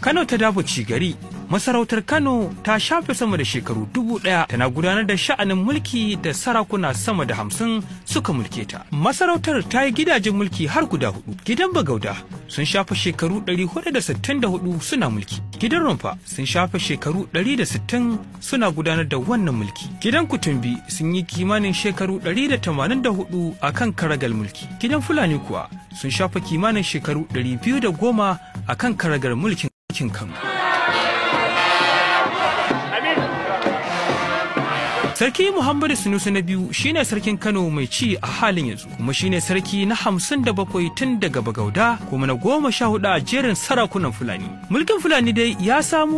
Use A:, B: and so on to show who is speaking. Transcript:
A: Kano ta ci gari masarautar Kano ta shafe sama da shekaru dubu ɗaya tana gudanar da sha'anin mulki da sarakuna sama da hamsin suka mulke ta. Masarautar ta yi gidajen mulki har guda hudu. Gidan Bagauda sun shafe shekaru hudu suna mulki. Gidan Rumfa sun shafe shekaru da sittin suna gudanar da wannan mulki. Gidan Kutumbi sun yi kimanin shekaru da da tamanin hudu a kan karagal mulki. Gidan Fulani kuwa sun shafe kimanin shekaru ɗari biyu da goma a kan karagar mulkin kin Sarki Muhammadu Sunusu na biyu shine sarkin Kano mai ci a halin yanzu kuma shi ne sarki na hamsin da bakwai tun daga Bagauda kuma na goma sha hudu a jerin sarakunan Fulani.
B: Mulkin Fulani dai ya samu